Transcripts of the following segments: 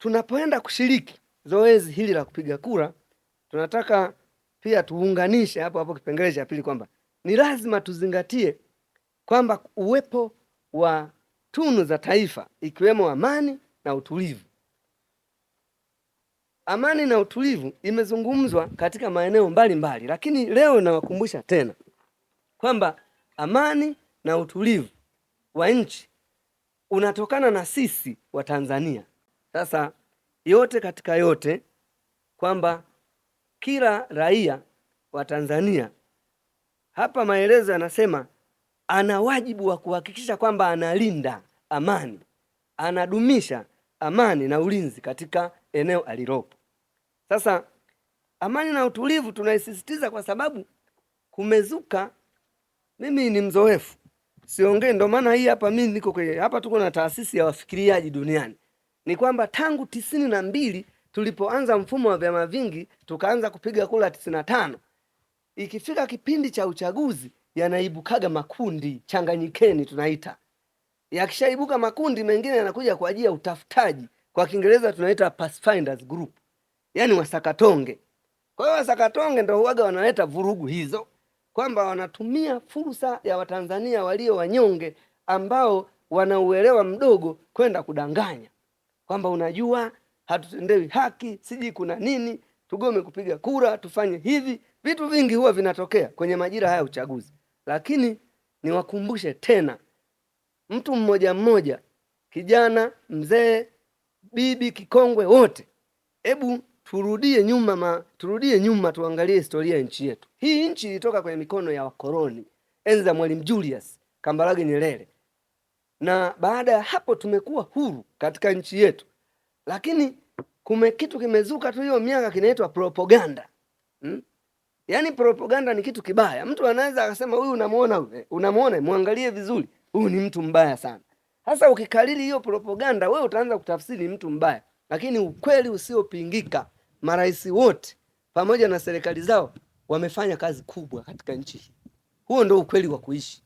tunapoenda kushiriki zoezi hili la kupiga kura, tunataka pia tuunganishe hapo hapo kipengele cha pili kwamba ni lazima tuzingatie kwamba uwepo wa tunu za taifa ikiwemo amani na utulivu. Amani na utulivu imezungumzwa katika maeneo mbalimbali mbali, lakini leo nawakumbusha tena kwamba amani na utulivu wa nchi unatokana na sisi wa Tanzania sasa yote katika yote, kwamba kila raia wa Tanzania hapa maelezo yanasema ana wajibu wa kuhakikisha kwamba analinda amani, anadumisha amani na ulinzi katika eneo alilopo. Sasa amani na utulivu tunaisisitiza kwa sababu kumezuka. Mimi ni mzoefu, siongee, ndo maana hii hapa mimi niko kwenye hapa, tuko na taasisi ya wafikiriaji duniani ni kwamba tangu tisini na mbili tulipoanza mfumo wa vyama vingi tukaanza kupiga kura tisini na tano ikifika kipindi cha uchaguzi yanaibukaga makundi changanyikeni tunaita. Yakishaibuka makundi mengine yanakuja kwa ajili ya utafutaji, kwa Kiingereza tunaita pathfinders group, yani wasakatonge. Kwa hiyo wasakatonge ndo huwaga wanaleta vurugu hizo, kwamba wanatumia fursa ya Watanzania walio wanyonge ambao wanauelewa mdogo kwenda kudanganya kwamba unajua hatutendewi haki, sijui kuna nini, tugome kupiga kura, tufanye hivi. Vitu vingi huwa vinatokea kwenye majira haya ya uchaguzi, lakini niwakumbushe tena, mtu mmoja mmoja, kijana, mzee, bibi, kikongwe, wote, hebu turudie nyuma ma, turudie nyuma tuangalie historia ya nchi yetu. Hii nchi ilitoka kwenye mikono ya wakoloni enzi za Mwalimu Julius Kambarage Nyerere na baada ya hapo tumekuwa huru katika nchi yetu, lakini kume kitu kimezuka tu hiyo miaka kinaitwa propaganda hmm? Yaani propaganda ni kitu kibaya. Mtu anaweza akasema huyu unamuona, unamuona, muangalie vizuri, huyu ni mtu mbaya sana. Sasa ukikalili hiyo propaganda, wewe utaanza kutafsiri mtu mbaya, lakini ukweli usiopingika, marais wote pamoja na serikali zao wamefanya kazi kubwa katika nchi hii. Huo ndio ukweli wa kuishi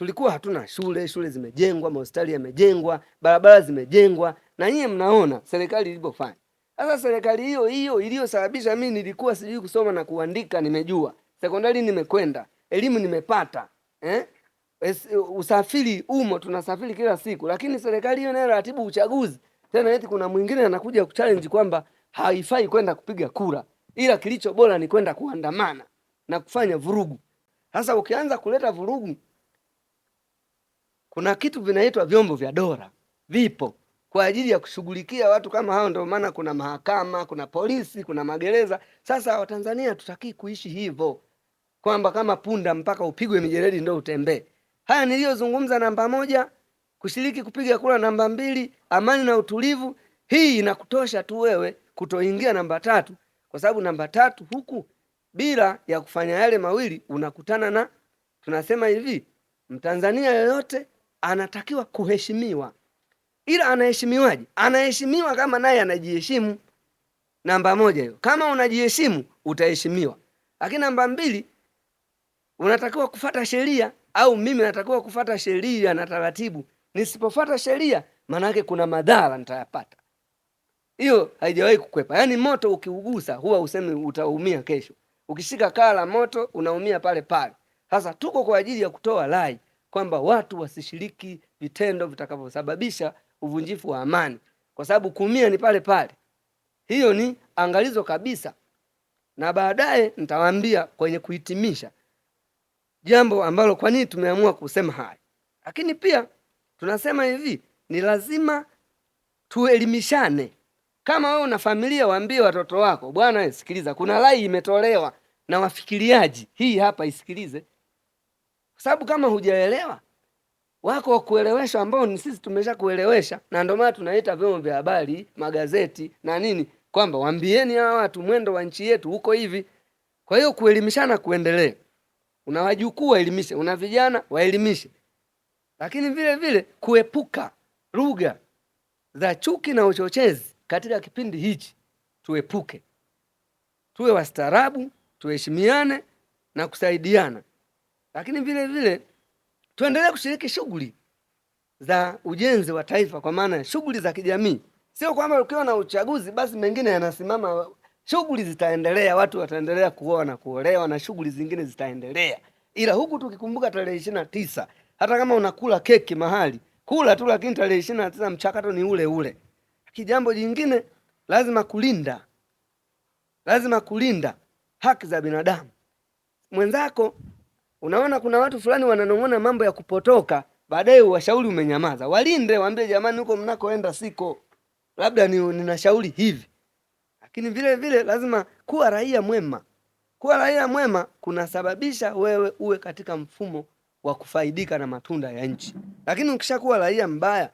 tulikuwa hatuna shule, shule zimejengwa, mahospitali yamejengwa, barabara zimejengwa, na nyie mnaona serikali ilivyofanya. Sasa serikali hiyo hiyo iliyosababisha mimi nilikuwa sijui kusoma na kuandika, nimejua sekondari, nimekwenda elimu nimepata, eh? Es, Usafiri umo, tunasafiri kila siku, lakini serikali hiyo nayo uchaguzi tena, eti kuna mwingine anakuja kuchallenge kwamba haifai kwenda kupiga kura, ila kilicho bora ni kwenda kuandamana na kufanya vurugu. Sasa ukianza kuleta vurugu kuna kitu vinaitwa vyombo vya dola, vipo kwa ajili ya kushughulikia watu kama hao. Ndio maana kuna mahakama, kuna polisi, kuna magereza. Sasa Watanzania hatutakii kuishi hivyo kwamba kama punda mpaka upigwe mijeledi ndio utembee. Haya niliyozungumza namba moja, kushiriki kupiga kura namba mbili, amani na utulivu. Hii inakutosha tu wewe kutoingia namba tatu, kwa sababu namba tatu huku bila ya kufanya yale mawili unakutana na tunasema hivi, Mtanzania yoyote anatakiwa kuheshimiwa, ila anaheshimiwaje? Anaheshimiwa kama naye anajiheshimu. Namba moja hiyo, kama unajiheshimu utaheshimiwa. Lakini namba mbili, unatakiwa kufata sheria, au mimi natakiwa kufata sheria na taratibu. Nisipofata sheria, maana kuna madhara nitayapata. Hiyo haijawahi kukwepa. Yaani moto ukiugusa, huwa usemi utaumia kesho. Ukishika kaa la moto unaumia pale pale. Sasa tuko kwa ajili ya kutoa rai kwamba watu wasishiriki vitendo vitakavyosababisha uvunjifu wa amani, kwa sababu kuumia ni pale pale. Hiyo ni angalizo kabisa, na baadaye nitawaambia kwenye kuhitimisha jambo ambalo kwa nini tumeamua kusema haya. Lakini pia tunasema hivi, ni lazima tuelimishane. Kama wewe una familia, waambie watoto wako, bwana, sikiliza, kuna rai imetolewa na wafikiriaji, hii hapa isikilize kwa sababu kama hujaelewa wako wakuelewesha ambao ni sisi tumesha kuelewesha, na ndio maana tunaita vyombo vya habari, magazeti na nini, kwamba waambieni hawa watu mwendo wa nchi yetu huko hivi. Kwa hiyo kuelimishana kuendelee, una wajukuu waelimishe, una vijana waelimishe, lakini vile vile kuepuka lugha za chuki na uchochezi katika kipindi hichi. Tuepuke, tuwe wastaarabu, tuheshimiane na kusaidiana. Lakini vile vile tuendelee kushiriki shughuli za ujenzi wa taifa, kwa maana shughuli za kijamii. Sio kwamba ukiwa na uchaguzi basi mengine yanasimama. Shughuli zitaendelea, watu wataendelea kuoa na kuolewa na shughuli zingine zitaendelea, ila huku tukikumbuka tarehe ishirini na tisa, hata kama unakula keki mahali kula tu, lakini tarehe ishirini na tisa mchakato ni ule ule. Kijambo jingine lazima kulinda, lazima kulinda haki za binadamu mwenzako Unaona, kuna watu fulani wananong'ona mambo ya kupotoka, baadaye washauri umenyamaza. Walinde, waambie jamani, huko mnakoenda siko, labda ni ninashauri hivi. Lakini vile vile lazima kuwa raia mwema. Kuwa raia mwema kunasababisha wewe uwe katika mfumo wa kufaidika na matunda ya nchi, lakini ukishakuwa raia mbaya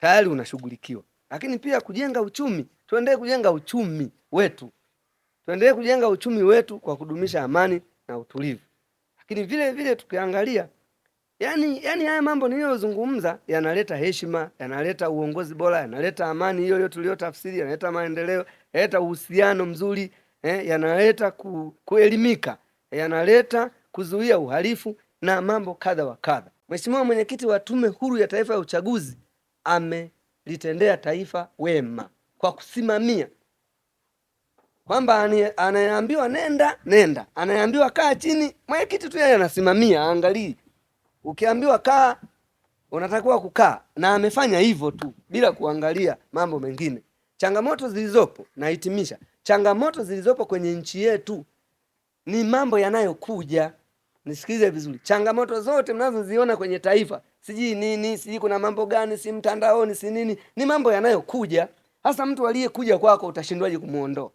tayari unashughulikiwa. Lakini pia kujenga uchumi, tuendelee kujenga uchumi wetu, tuendelee kujenga uchumi wetu kwa kudumisha amani na utulivu. Lakini vile vile tukiangalia yani, yani haya mambo niliyozungumza yanaleta heshima, yanaleta uongozi bora, yanaleta amani hiyo hiyo tuliyotafsiri, yanaleta maendeleo, yanaleta uhusiano mzuri eh, yanaleta ku, kuelimika, yanaleta kuzuia uhalifu na mambo kadha wa kadha. Mheshimiwa Mwenyekiti wa Tume Huru ya Taifa ya Uchaguzi amelitendea taifa wema kwa kusimamia kwamba anayeambiwa nenda nenda, anayeambiwa kaa chini, mwenyekiti tu yeye anasimamia, aangalii. Ukiambiwa kaa, unatakiwa kukaa, na amefanya hivyo tu bila kuangalia mambo mengine. Changamoto zilizopo, nahitimisha, changamoto zilizopo kwenye nchi yetu ni mambo yanayokuja. Nisikilize vizuri, changamoto zote mnazoziona kwenye taifa, sijui nini, sijui kuna mambo gani, si mtandaoni, si nini, ni mambo yanayokuja. Hasa mtu aliyekuja kwako utashindwaje kumwondoa?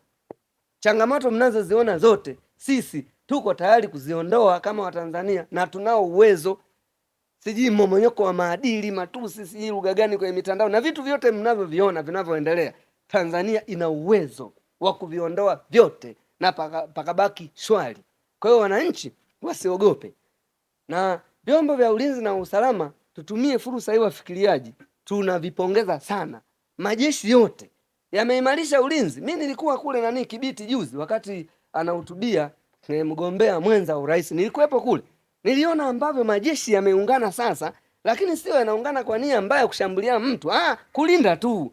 changamoto mnazoziona zote, sisi tuko tayari kuziondoa kama Watanzania na tunao uwezo. Sijui mmomonyoko wa maadili, matusi, sijui lugha gani kwenye mitandao na vitu vyote mnavyoviona vinavyoendelea, Tanzania ina uwezo wa kuviondoa vyote na pakabaki paka shwari. Kwa hiyo wananchi wasiogope, na vyombo vya ulinzi na usalama tutumie fursa hii, wafikiriaji, tunavipongeza sana majeshi yote yameimarisha ulinzi. Mi nilikuwa kule nani Kibiti juzi, wakati anahutubia eh, mgombea mwenza urais, nilikuwepo kule, niliona ambavyo majeshi yameungana sasa, lakini sio yanaungana kwa nia mbaya kushambulia mtu ah, kulinda tu,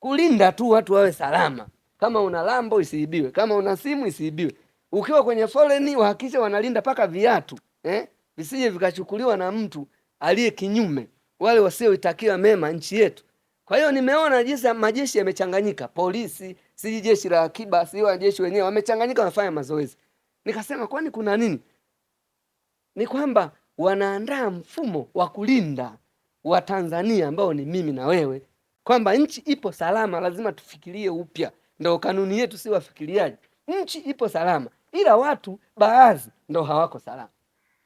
kulinda tu watu wawe salama. Kama una lambo isiibiwe, kama una simu isiibiwe. Ukiwa kwenye foleni wahakikishe wanalinda mpaka viatu eh, visije vikachukuliwa na mtu aliye kinyume, wale wasioitakiwa mema nchi yetu. Kwa hiyo nimeona jinsi majeshi yamechanganyika, polisi, si jeshi la akiba, si wajeshi wenyewe wamechanganyika, wanafanya mazoezi. Nikasema kwani kuna nini? Ni kwamba wanaandaa mfumo wa kulinda Watanzania ambao ni mimi na wewe, kwamba nchi ipo salama, lazima tufikirie upya. Ndo kanuni yetu, si wafikiriaji. Nchi ipo salama, ila watu baadhi ndo hawako salama.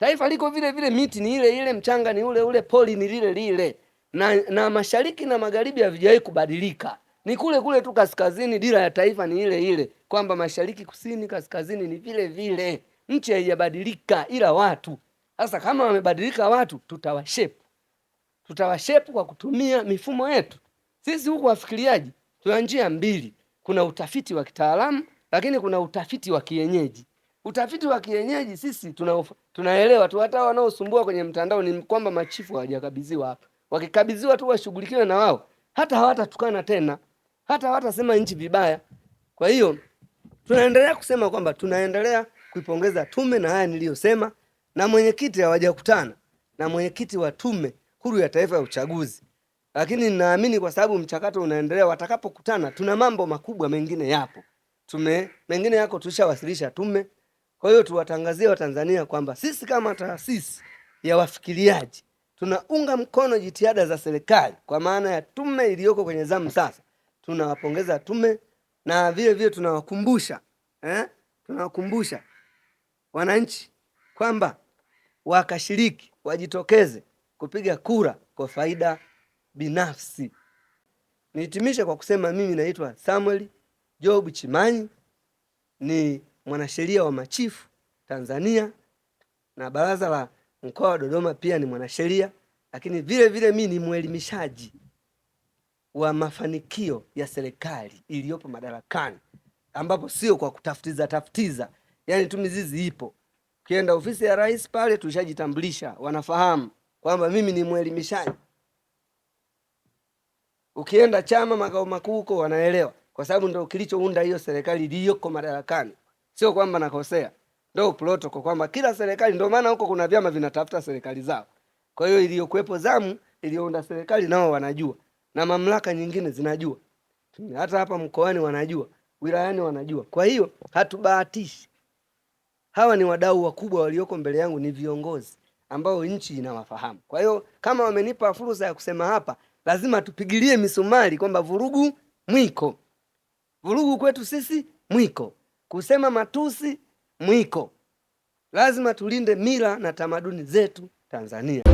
Taifa liko vile vile, miti ni ile ile, mchanga ni ule ule, poli ni lile lile na, na mashariki na magharibi havijawahi kubadilika, ni kule kule tu kaskazini. Dira ya taifa ni ile ile kwamba mashariki, kusini, kaskazini ni vile vile, nchi haijabadilika, ila watu sasa, kama wamebadilika watu, tutawashepu tutawashepu kwa kutumia mifumo yetu sisi. Huku wafikiriaji tuna njia mbili, kuna utafiti wa kitaalamu, lakini kuna utafiti wa kienyeji. Utafiti wa kienyeji sisi tunaelewa tu, hata wanaosumbua kwenye mtandao ni kwamba machifu hawajakabidhiwa hapa wakikabidhiwa tu washughulikiwe na wao, hata hawatatukana tena, hata hawatasema nchi vibaya. Kwa hiyo tunaendelea kusema kwamba tunaendelea kuipongeza tume na haya niliyosema, na mwenyekiti hawajakutana na mwenyekiti wa Tume Huru ya Taifa ya Uchaguzi, lakini ninaamini kwa sababu mchakato unaendelea, watakapokutana tuna mambo makubwa mengine yapo tume mengine yako tushawasilisha tume. Kwa hiyo tuwatangazie Watanzania kwamba sisi kama taasisi ya wafikiriaji tunaunga mkono jitihada za serikali kwa maana ya tume iliyoko kwenye zamu sasa. Tunawapongeza tume na vile vile tunawakumbusha eh, tunawakumbusha wananchi kwamba wakashiriki, wajitokeze kupiga kura kwa faida binafsi. Nihitimishe kwa kusema mimi naitwa Samuel Job Chimanyi, ni mwanasheria wa machifu Tanzania na baraza la mkoa wa Dodoma pia ni mwanasheria, lakini vile vile mi ni mwelimishaji wa mafanikio ya serikali iliyopo madarakani, ambapo sio kwa kutafutiza tafutiza, yani tu mizizi ipo. Ukienda ofisi ya rais pale tulishajitambulisha, wanafahamu kwamba mimi ni mwelimishaji. Ukienda chama makao makuu huko wanaelewa, kwa sababu ndo kilichounda hiyo serikali iliyoko madarakani, sio kwamba nakosea ndo protocol kwamba kila serikali, ndio maana huko kuna vyama vinatafuta serikali zao. Kwa hiyo iliyokuwepo zamu iliyounda serikali nao wanajua, na mamlaka nyingine zinajua, hata hapa mkoani wanajua, wilayani wanajua. Kwa hiyo hatubahatishi. Hawa ni wadau wakubwa walioko mbele yangu, ni viongozi ambao nchi inawafahamu. Kwa hiyo kama wamenipa fursa ya kusema hapa, lazima tupigilie misumari kwamba vurugu mwiko, vurugu kwetu sisi mwiko, kusema matusi mwiko. Lazima tulinde mila na tamaduni zetu Tanzania.